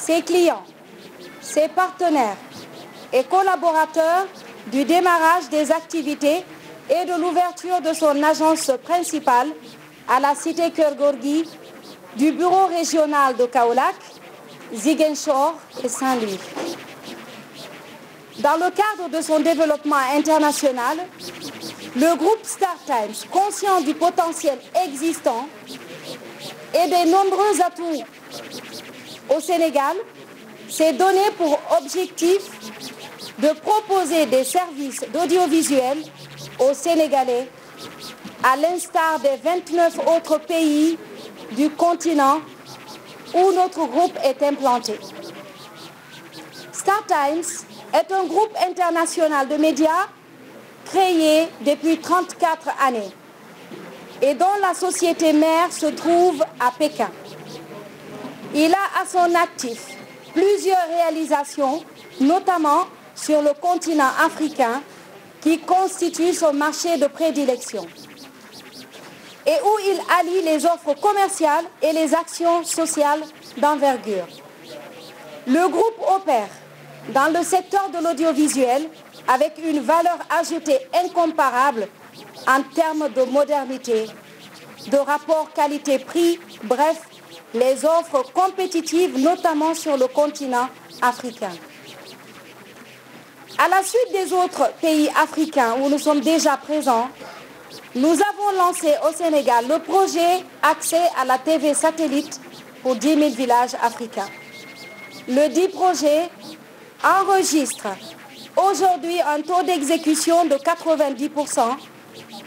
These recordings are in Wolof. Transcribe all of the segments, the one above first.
ses clients, ses partenaires et collaborateurs du démarrage des activités et de l'ouverture de son agence principale à la cité Kergorgi du bureau régional de Kaolac, Ziguinchor et Saint-Louis. Dans le cadre de son développement international, le groupe Star Times, conscient du potentiel existant et des nombreux atouts au Sénégal s'est donné des services d'audiovisuel aux Sénégalais, à l'instar des 29 continent où notre groupe est implanté. StarTimes est un groupe international de médias la société mère Il a à son actif plusieurs réalisations, notamment sur le continent africain, qui constitue son marché de prédilection et où il allie les offres commerciales et les actions sociales d'envergure. Le groupe opère dans le secteur de l'audiovisuel avec une valeur ajoutée incomparable en termes de modernité, de rapport qualité-prix, bref, les offres compétitives, notamment sur le continent À la suite des autres pays au Sénégal le projet à la TV satellite pour 10 000 villages africains. Le dit projet enregistre aujourd'hui un taux d'exécution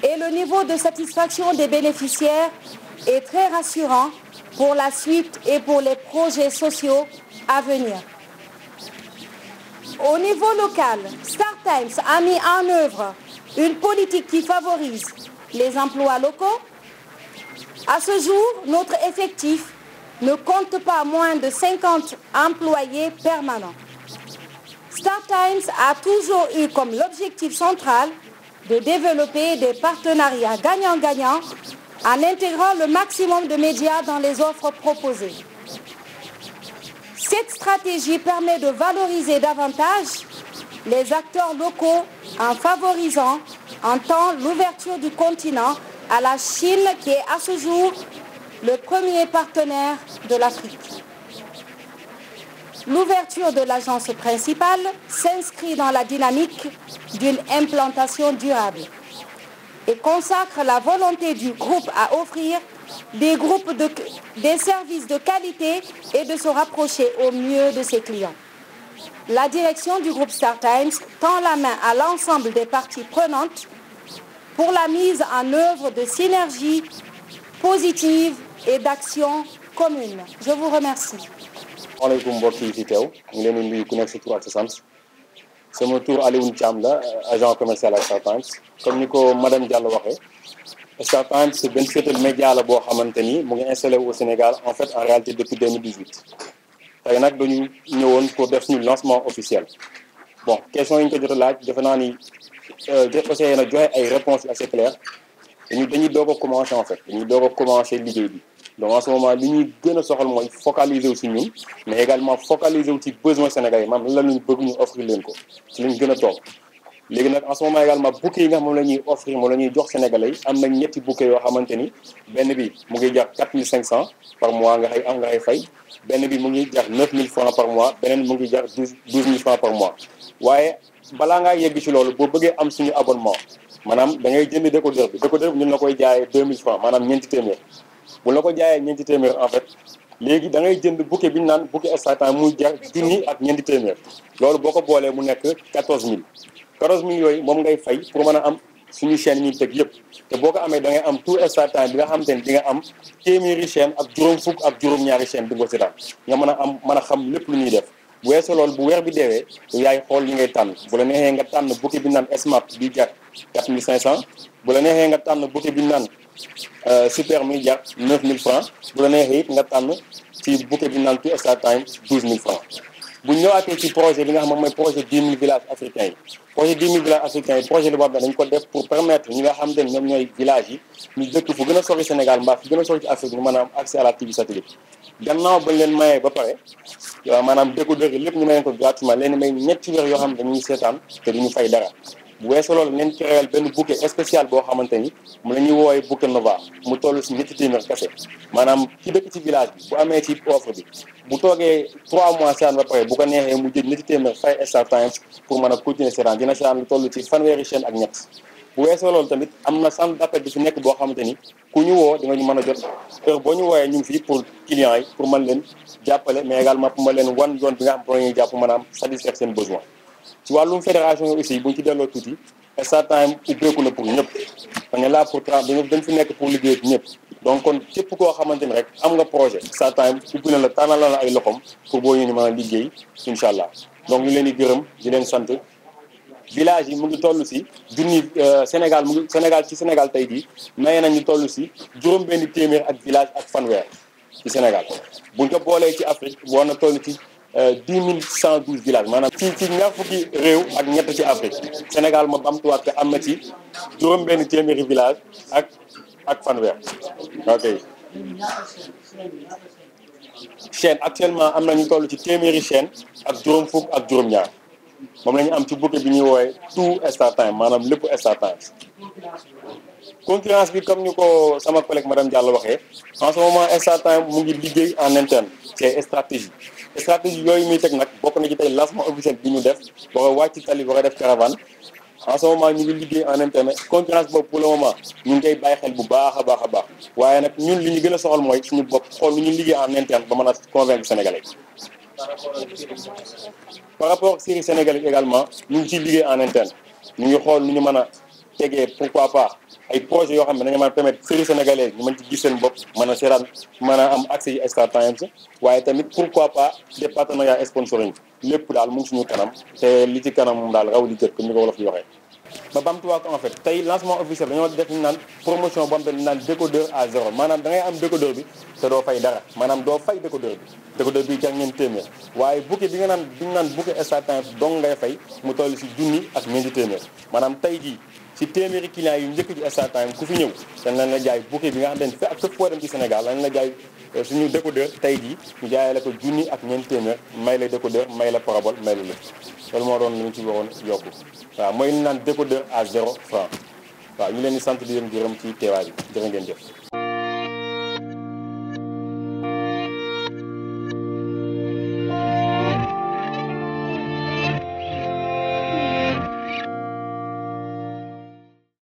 le niveau de satisfaction des bénéficiaires est très pour la suite et pour les projets sociaux à venir. Au niveau local, Star Times a mis en œuvre une politique qui favorise les emplois locaux. À ce jour, notre effectif ne compte pas moins de 50 employés permanents. Star Times a toujours eu comme l'objectif central de développer des partenariats gagnant-gagnant en intégrant le maximum de médias dans les offres proposées. Cette stratégie permet de valoriser davantage les acteurs locaux en favorisant en temps l'ouverture du continent à la Chine qui est à ce jour le premier partenaire de l'Afrique. L'ouverture de l'agence principale s'inscrit dans la dynamique d'une implantation durable. et consacre la volonté du groupe à offrir des, groupes de, des services de qualité et de se rapprocher au mieux de ses clients. La direction du groupe Star Times tend la main à l'ensemble des parties prenantes pour la mise en œuvre de synergies positives et d'actions communes. Je vous remercie. maaleykum mbokk yi fi teew ñu ngi leen di nuyu ku nekk sama tour Alioune Thiam la agent commercial ak Startimes comme ni ko madame Diallo waxee Startimes benn seetal média la boo xamante ni mu ngi installé au Sénégal en fait en réalité depuis 2018 tey nag dañu ñëwoon pour def suñu lancement officiel bon question yi ñu ko jot a laaj defe naa ni jot essayé na joxe ay réponses yu assez claires dañu dañuy doog a commencé en fait dañuy doog a commencé liggéey bi donc en ce moment li ñuy gën a soxal mooy focaliser wu ñun mais également focaliser wu ci besoin sénégalais maanaam lan lañu bëgg ñu offrir leen ko ci lañ gën a toog léegi nag en ce moment également yi nga xam moom la ñuy offrir moom la ñuy jox sénégalais yi am nañ ñetti bouquet yoo xamante ni benn bi mu ngi jar 4500 par mois nga am nga xay fay benn bi mu ngi jar 9000 francs par mois beneen mu ngi jar 12 12000 francs par mois waaye balaa ngaa yegg ci loolu boo bëggee am suñu abonnement maanaam da ngay jënd décodeur koy jaayee 2000 francs bu la ko jaayee ñeenti téeméer en fait léegi da ngay jënd bouquet bi ñu naan bouquet extractant muy jar junni ak ñeenti téeméer loolu boo ko boolee mu nekk 14000 14000 yooyu moom ngay fay pour mën a am suñu chaîne ñu teg yëpp te boo ko amee da ngay am tout extractant bi nga xam te ne di am téeméeri chaîne ak juróom fukk ak juróom-ñaari chaîne di ko daal nga mën a am mën a xam lépp lu ñuy def bu weesoo loolu bu weer bi deewee yaay xool li ngay tànn bu la nga tànn bouquet bi ñu naan smart bi jar 4500 bu la neexee nga tànn bouquet bi ñu naan euh, super muy francs bu la neexee it nga tànn ci bouquet bi ñu naan tout extra time bu ñëwaatee ci projet bi nga xam moom mooy projet 10 000 villages africains yi projet 10 000 villages africains yi projet la boo xam ne dañu ko def pour permettre ñi nga xam ne ñoom ñooy villages yi ñu dëkk fu gën a sori Sénégal mbaa fu gën a sori ci Afrique ñu accès la TV satellite gannaaw bañ leen mayee ba pare waaw maanaam décodeur lépp ñu may leen ko gratuitement yoo xam ne dañuy seetaan te duñu fay dara bu weesoo loolu neen créer benn bouquet spécial boo xamante ni mu la ñuy woowee Nova mu toll si ñetti téeméer kese maanaam ki dëkk ci village bi bu amee ci offre bi bu toogee 3 mois seetaan bu ko neexee mu jël ñetti téeméer fay Star Times pour mën a continuer seetaan dina seetaan lu toll ci fanweeri chaîne ak ñett bu weesoo loolu tamit am na centre d'appel bi fi nekk boo xamante ni ku ñu woo di nga ñu a jot heure boo ñu wooyee ñu ngi fii pour clients yi pour mën leen jàppale mais également pour mën leen wan ci wàllum fédération aussi bu ñu ci delloo tuuti instant time ubbeeku na pour ñëpp on est là pour tra dañ fi nekk pour liggéey ñëpp donc kon képp koo xamante ni rek am nga projet instant time ubbi na la tànnal la ay loxoom pour boo ñu ni mën a liggéey incha allah donc ñu leen di gërëm di leen sant village yi mu ngi toll si junni euh, Sénégal mu Sénégal ci Sénégal tey jii maye nañ ñu toll si juróom-benn téeméer ak village ak fanweer ci Sénégal buñ ko boolee ci Afrique war na toll ci Euh, dix mille cent douze villages maanaam ci ci ñaar fukki réew ak ñett ci Afrique Sénégal ma bamtuwaat que am na ci juróom-benn téeméeri village ak ak fanweer ok chaîne actuellement am na ñu toll ci téeméeri chaîne ak juróom fukk ak juróom-ñaar moom la ñu am ci bouquet bi ñuy woowee tout Star Time maanaam lépp Star Time concurrence bi comme ñu ko sama collègue madame Diallo waxee en ce moment instant mu ngi liggéey en interne c'est stratégie stratégie yooyu muy teg nag bokk na ci tey lancement officiel bi ñu def war a wàcc tali war a def caravane en ce ñu ngi liggéey en interne concurrence boobu pour ñu ngi koy bàyyi xel bu baax a baax a baax waaye nag ñun li ñu gën soxal mooy suñu bopp xool nu ñu liggéey en interne ba mën a convaincre sénégalais par rapport ak série sénégalais a tegee pourquoi pas ay projets yoo xam ne dañu mën a permettre série sénégalais ñu mën ci gis seen bopp mën a seeraan mën a am accès yi Star Times waaye tamit pourquoi pas des partenariats sponsoring lépp daal mu ngi suñu kanam te li ci kanam daal raw li jët comme ni ko wolof di waxee ba bamtuwaat ko en fait tey lancement officiel dañoo def ñu naan promotion boo xam te naan décodeur à zéro maanaam da ngay am décodeur bi te doo fay dara maanaam doo fay décodeur bi décodeur bi jar ngeen téeméer waaye bouquet bi nga naan bi ñu naan bouquet Star Times dong ngay fay mu toll si junni ak ñeenti téeméer maanaam tey jii ci téeméeri clients yi njëkk ci Star ku fi ñëw dañ lañ la jaay bouquet bi nga xam ne ak fépp foo dem ci Sénégal lañ la jaay euh, suñu décodeur tey jii ñu jaayee la ko junni ak ñeent téeméer may la décodeur may la parabole may la lépp loolu moo doon lu ñu ci waroon yokku waaw mooy naan décodeur à zéro franc waa ñu leen di sant di leen gërëm ci teewaay bi jërë ngeen jëf